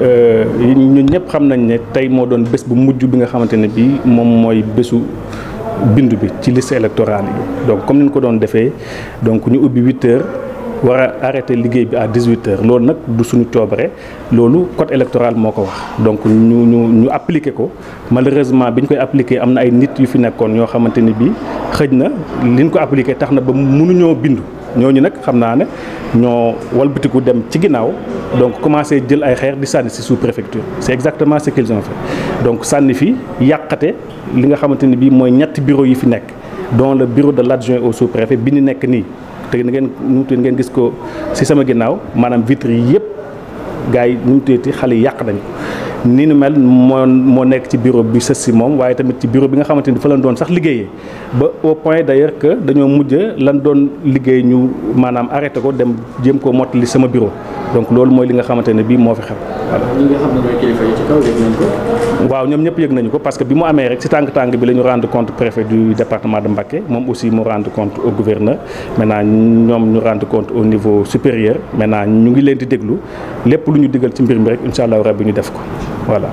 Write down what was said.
Euh, ñun ñëpp xam nañ ne tey moo doon bés bu mujj bi nga xamante ne bii moom mooy bésu bindu bi ci liste électorale yi donc comme ni ñu ko doon defee donc ñu ubbi 8 heures war a arrêté liggéey bi à 18 heures loolu nag du suñu coobare loolu code électoral moo ko wax donc ñu ñu ñu appliqué ko malheureusement bi ñu koy appliqué am na ay nit yu fi nekkoon ñoo xamante ni bii xëj na liñ ko appliqué tax na ba mu mënuñoo bindu. ñooñu nak xamna né ne ñoo walbatiku dem ci ginnaw donc commencé jël ay xeer di sànni ci sous préfecture c'est exactement ce qu'ils ont fait donc sànni fi yàqate li nga xamante bi moy ñett bureau yi fi nekk dont le bureau de l'adjoint au sous préfet bi ni nekk nii te ngeen nu mu ngeen gis ko ci sama ginnaw manam vitre yépp gaay gars yi nu mu tuddati xale ni nu mel mo moo nekk ci bureau bi ceci mom waye tamit ci bureau bi nga xamanteni fa lañ doon sax liggéeyee ba au point d'ailleurs que dañoo mujjé lañ doon liggéey ñu manam arrêté ko dem jëm ko motali sama bureau donc lool moy li nga xamanteni bi mo fi xam voilà. ñi nga xam na moy kilifa yi ci kaw yëg nañ ko. waaw ñom ñep yëg nañ ko parce que bi mu amé rek ci tàng tàng bi lañu rendre compte préfet du département de Mbacké mom aussi mu rendre compte au gouverneur maintenant ñom ñu rendre compte au niveau supérieur maintenant ñu ngi leen di déglu lépp lu ñu ci mbir mi rek inshallah rabbi ñu def ko Voilà.